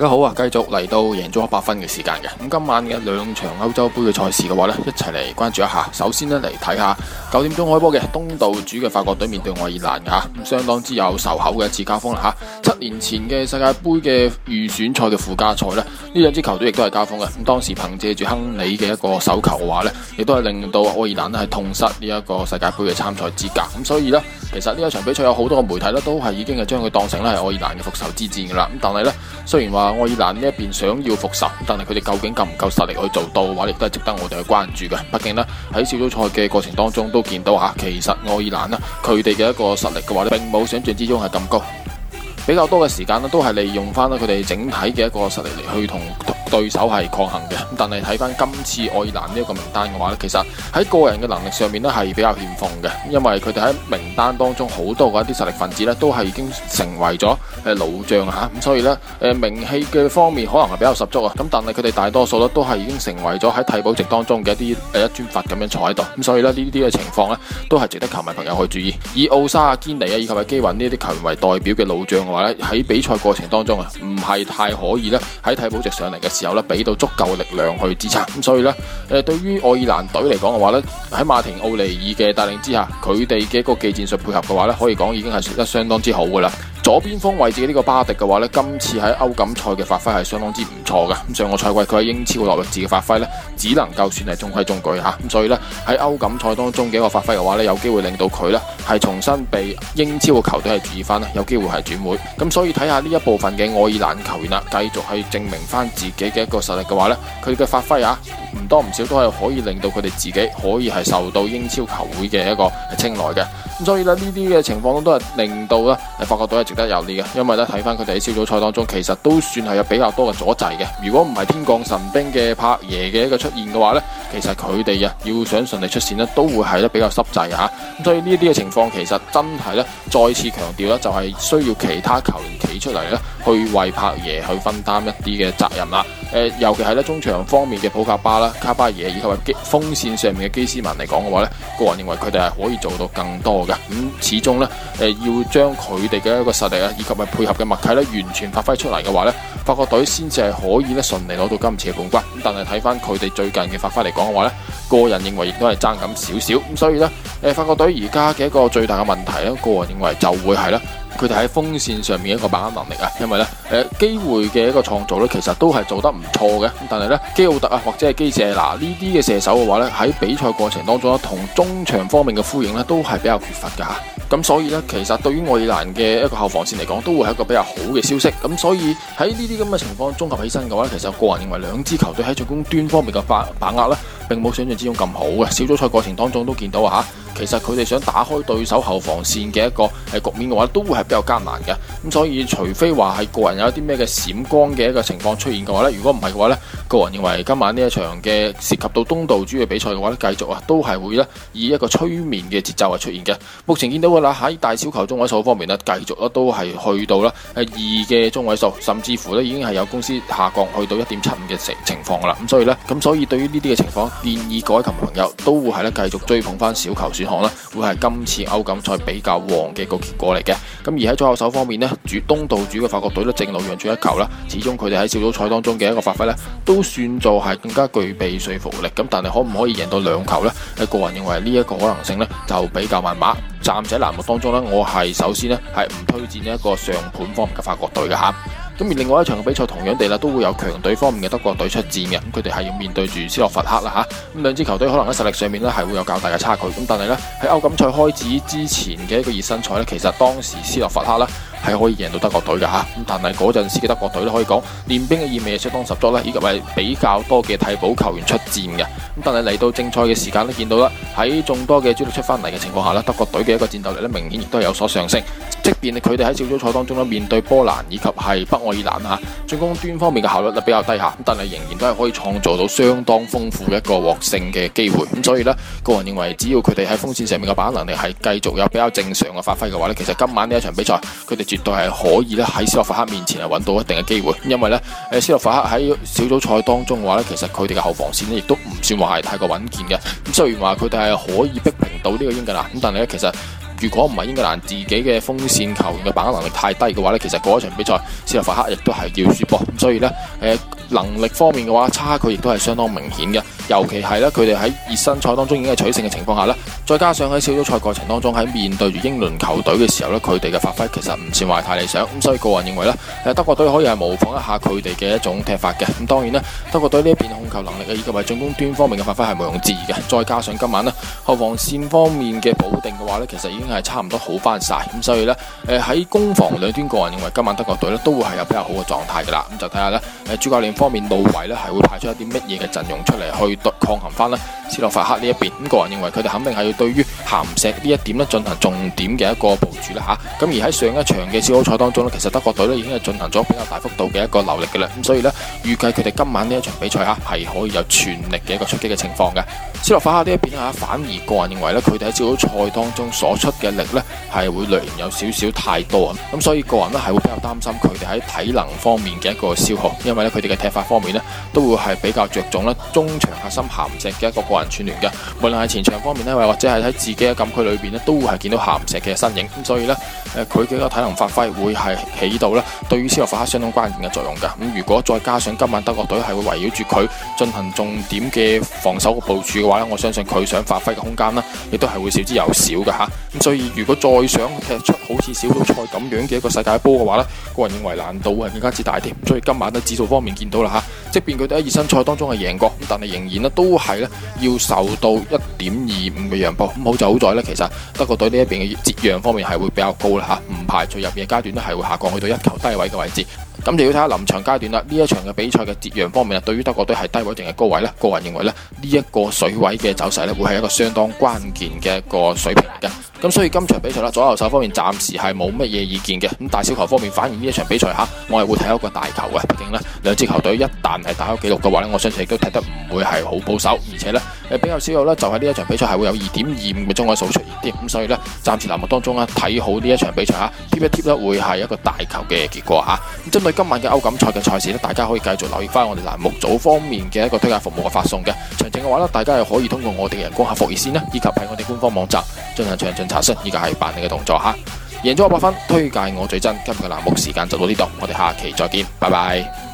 大家好啊！繼續嚟到贏足 100FUN 嘅時間嘅咁，今晚嘅兩場歐洲盃嘅賽事嘅話呢，一齊嚟關注一下。首先呢，嚟睇下九點鐘開波嘅東道主嘅法國對面對愛爾蘭嘅吓，相當之有仇口嘅一次交鋒啦吓。七年前嘅世界盃嘅預選賽嘅附加賽呢，呢兩支球隊亦都係交鋒嘅。咁當時憑借住亨利嘅一個手球嘅話呢，亦都係令到愛爾蘭咧係痛失呢一個世界盃嘅參賽資格。咁所以呢，其實呢一場比賽有好多嘅媒體呢，都係已經係將佢當成咧係愛爾蘭嘅復仇之戰噶啦。咁但係呢。雖然話愛爾蘭呢一邊想要復仇，但係佢哋究竟夠唔夠實力去做到嘅話，亦都係值得我哋去關注嘅。畢竟呢，喺小組賽嘅過程當中，都見到啊，其實愛爾蘭呢，佢哋嘅一個實力嘅話呢，並冇想象之中係咁高，比較多嘅時間呢，都係利用翻佢哋整體嘅一個實力嚟去同。對手係抗衡嘅。但係睇翻今次愛爾蘭呢一個名單嘅話呢，其實喺個人嘅能力上面咧，係比較欠奉嘅，因為佢哋喺名單當中好多嘅一啲實力分子呢，都係已經成為咗誒、呃、老將吓，咁所以呢，誒、呃、名氣嘅方面可能係比較十足啊，咁但係佢哋大多數咧，都係已經成為咗喺替補席當中嘅一啲誒、呃、一尊佛咁樣坐喺度，咁所以呢，呢啲嘅情況呢，都係值得球迷朋友去注意。以奧沙阿堅尼啊以及阿基雲呢啲球員為代表嘅老將嘅話咧，喺比賽過程當中啊唔係太可以咧喺替補席上嚟嘅。.時候咧，俾到足夠力量去支撐，咁所以咧，誒，對於愛爾蘭隊嚟講嘅話咧，喺馬廷奧尼爾嘅帶領之下，佢哋嘅一個技戰術配合嘅話咧，可以講已經係得相當之好噶啦。左邊鋒位置呢個巴迪嘅話咧，今次喺歐錦賽嘅發揮係相當之唔錯嘅，咁上個賽季佢喺英超諾域治嘅發揮咧，只能夠算係中規中矩吓，咁所以咧喺歐錦賽當中嘅一個發揮嘅話咧，有機會令到佢咧。係重新被英超嘅球隊係注意翻啦，有機會係轉會咁，所以睇下呢一部分嘅愛爾蘭球員啦，繼續去證明翻自己嘅一個實力嘅話呢，佢嘅發揮啊唔多唔少都係可以令到佢哋自己可以係受到英超球會嘅一個青睞嘅。咁所以呢，呢啲嘅情況都係令到呢法國隊係值得有利嘅，因為呢睇翻佢哋喺小組賽當中，其實都算係有比較多嘅阻滯嘅。如果唔係天降神兵嘅柏耶嘅一個出現嘅話呢。其實佢哋啊，要想順利出線咧，都會係咧比較濕滯嘅吓，咁所以呢啲嘅情況，其實真係咧，再次強調咧，就係需要其他球員企出嚟，咧去為柏爺去分擔一啲嘅責任啦。誒，尤其係咧中場方面嘅普卡巴啦、卡巴耶，以及係鋒線上面嘅基斯文嚟講嘅話咧，個人認為佢哋係可以做到更多嘅。咁始終咧，誒要將佢哋嘅一個實力啊，以及係配合嘅默契咧，完全發揮出嚟嘅話咧，法國隊先至係可以咧順利攞到今次嘅冠軍。咁但係睇翻佢哋最近嘅發揮嚟講嘅話咧，個人認為亦都係爭咁少少。咁所以咧，誒法國隊而家嘅一個最大嘅問題咧，個人認為就會係咧。佢哋喺鋒線上面一個把握能力啊，因為咧，誒機會嘅一個創造咧，其實都係做得唔錯嘅。但係咧，基奧特啊，或者係基舍拿呢啲嘅射手嘅話咧，喺比賽過程當中咧，同中場方面嘅呼應咧，都係比較缺乏噶。咁所以咧，其實對於愛爾蘭嘅一個後防線嚟講，都會係一個比較好嘅消息。咁所以喺呢啲咁嘅情況綜合起身嘅話，其實個人認為兩支球隊喺進攻端方面嘅把把握咧，並冇想象之中咁好嘅。小組賽過程當中都見到啊。其實佢哋想打開對手後防線嘅一個係局面嘅話，都會係比較艱難嘅。咁所以除非話係個人有一啲咩嘅閃光嘅一個情況出現嘅話呢，如果唔係嘅話呢，個人認為今晚呢一場嘅涉及到東道主嘅比賽嘅話呢，繼續啊都係會呢以一個催眠嘅節奏係出現嘅。目前見到嘅啦，喺大小球中位數方面呢，繼續咧都係去到啦二嘅中位數，甚至乎呢已經係有公司下降去到一點七五嘅情況啦。咁所以呢，咁所以對於呢啲嘅情況，建議各位球迷朋友都會係呢繼續追捧翻小球選。啦，會係今次歐錦賽比較旺嘅一個結果嚟嘅。咁而喺左右手方面咧，主東道主嘅法國隊都正路讓出一球啦。始終佢哋喺小組賽當中嘅一個發揮咧，都算做係更加具備說服力。咁但係可唔可以贏到兩球呢？誒，個人認為呢一個可能性咧就比較慢碼。暫且喺欄目當中咧，我係首先咧係唔推薦呢一個上盤方面嘅法國隊嘅吓。咁而另外一場嘅比賽同樣地啦，都會有強隊方面嘅德國隊出戰嘅。咁佢哋係要面對住斯洛伐克啦吓，咁兩支球隊可能喺實力上面咧係會有較大嘅差距，咁但係咧喺歐錦賽開始之前嘅一個熱身賽咧，其實當時斯洛伐克啦係可以贏到德國隊㗎吓。咁但係嗰陣時嘅德國隊咧，可以講練兵嘅意味相當十足啦，以及係比較多嘅替補球員出戰嘅。咁但係嚟到正賽嘅時間咧，見到啦，喺眾多嘅主力出翻嚟嘅情況下咧，德國隊嘅一個戰鬥力咧，明顯亦都有所上升。即便佢哋喺小組賽當中咧，面對波蘭以及係北愛爾蘭吓，進攻端方面嘅效率比較低下，但係仍然都係可以創造到相當豐富嘅一個獲勝嘅機會。咁所以呢，個人認為只要佢哋喺鋒線上面嘅把握能力係繼續有比較正常嘅發揮嘅話呢，其實今晚呢一場比賽佢哋。他們絕對係可以咧喺斯洛伐克面前係揾到一定嘅機會，因為咧誒，斯洛伐克喺小組賽當中嘅話咧，其實佢哋嘅後防線呢亦都唔算話係太過穩健嘅。咁雖然話佢哋係可以逼平到呢個英格蘭，咁但係咧，其實如果唔係英格蘭自己嘅鋒線球員嘅把握能力太低嘅話咧，其實嗰一場比賽斯洛伐克亦都係要輸波。咁所以咧誒。呃能力方面嘅話，差距亦都係相當明顯嘅。尤其係咧，佢哋喺熱身賽當中已經係取勝嘅情況下咧，再加上喺小組賽過程當中喺面對住英倫球隊嘅時候咧，佢哋嘅發揮其實唔算話太理想。咁所以個人認為咧，誒德國隊可以係模仿一下佢哋嘅一種踢法嘅。咁當然啦，德國隊呢一邊控球能力啊，以及係進攻端方面嘅發揮係毋庸置疑嘅。再加上今晚咧後防線方面嘅補定嘅話咧，其實已經係差唔多好翻晒。咁所以咧，誒、呃、喺攻防兩端，個人認為今晚德國隊咧都會係有比較好嘅狀態噶啦。咁就睇下咧，誒主教練。方面路維咧，係會派出一啲乜嘢嘅陣容出嚟去抗衡翻呢？斯洛伐克呢一邊咁，個人認為佢哋肯定係要對於鹹石呢一點咧進行重點嘅一個部署啦嚇。咁、啊、而喺上一場嘅小組賽當中咧，其實德國隊呢已經係進行咗比較大幅度嘅一個流力嘅啦。咁所以呢，預計佢哋今晚呢一場比賽嚇係可以有全力嘅一個出擊嘅情況嘅。斯洛伐克呢一邊嚇、啊、反而個人認為呢佢哋喺小組賽當中所出嘅力呢係會略有少少太多，咁所以個人呢係會比較擔心佢哋喺體能方面嘅一個消耗，因為呢佢哋嘅體。法方面呢，都會係比較着重咧，中場核心鹹石嘅一個個人串聯嘅，無論係前場方面咧，或者係喺自己嘅禁區裏邊咧，都會係見到鹹石嘅身影。咁所以呢，誒佢嘅一個體能發揮會係起到咧，對於斯洛伐克相當關鍵嘅作用嘅。咁如果再加上今晚德國隊係會圍繞住佢進行重點嘅防守嘅部署嘅話咧，我相信佢想發揮嘅空間呢，亦都係會少之又少嘅嚇。咁所以如果再想踢出好似小組賽咁樣嘅一個世界波嘅話咧，個人認為難度係更加之大啲。所以今晚喺指數方面見到。即便佢哋喺熱身賽當中係贏過，但係仍然都係要受到一點二五嘅讓步。咁好在好在其實德國隊呢一邊嘅折讓方面係會比較高啦，吓，唔排除入邊嘅階段咧，係會下降去到一球低位嘅位置。咁就要睇下臨場階段啦，呢一場嘅比賽嘅折讓方面啊，對於德國隊係低位定係高位呢？個人認為咧，呢一個水位嘅走勢咧，會係一個相當關鍵嘅一個水平嘅。咁所以今場比賽啦，左右手方面暫時係冇乜嘢意見嘅。咁大小球方面，反而呢一場比賽吓，我係會睇好一個大球嘅。畢竟咧，兩支球隊一旦係打破紀錄嘅話咧，我相信亦都踢得唔會係好保守。而且咧，比較少有咧，就係、是、呢一場比賽係會有二點二五嘅中位數出現添，咁所以咧，暫時欄目當中啊，睇好呢一場比賽吓 Tip Tip 咧會係一個大球嘅結果吓，咁、啊、針對今晚嘅歐錦賽嘅賽事咧，大家可以繼續留意翻我哋欄目組方面嘅一個推介服務嘅發送嘅。詳情嘅話咧，大家係可以通過我哋人工客服熱線啦，以及喺我哋官方網站進行詳情。查詢，依家係辦理嘅動作哈，贏咗我百分，推介我最真，今日嘅欄目時間就到呢度，我哋下期再見，拜拜。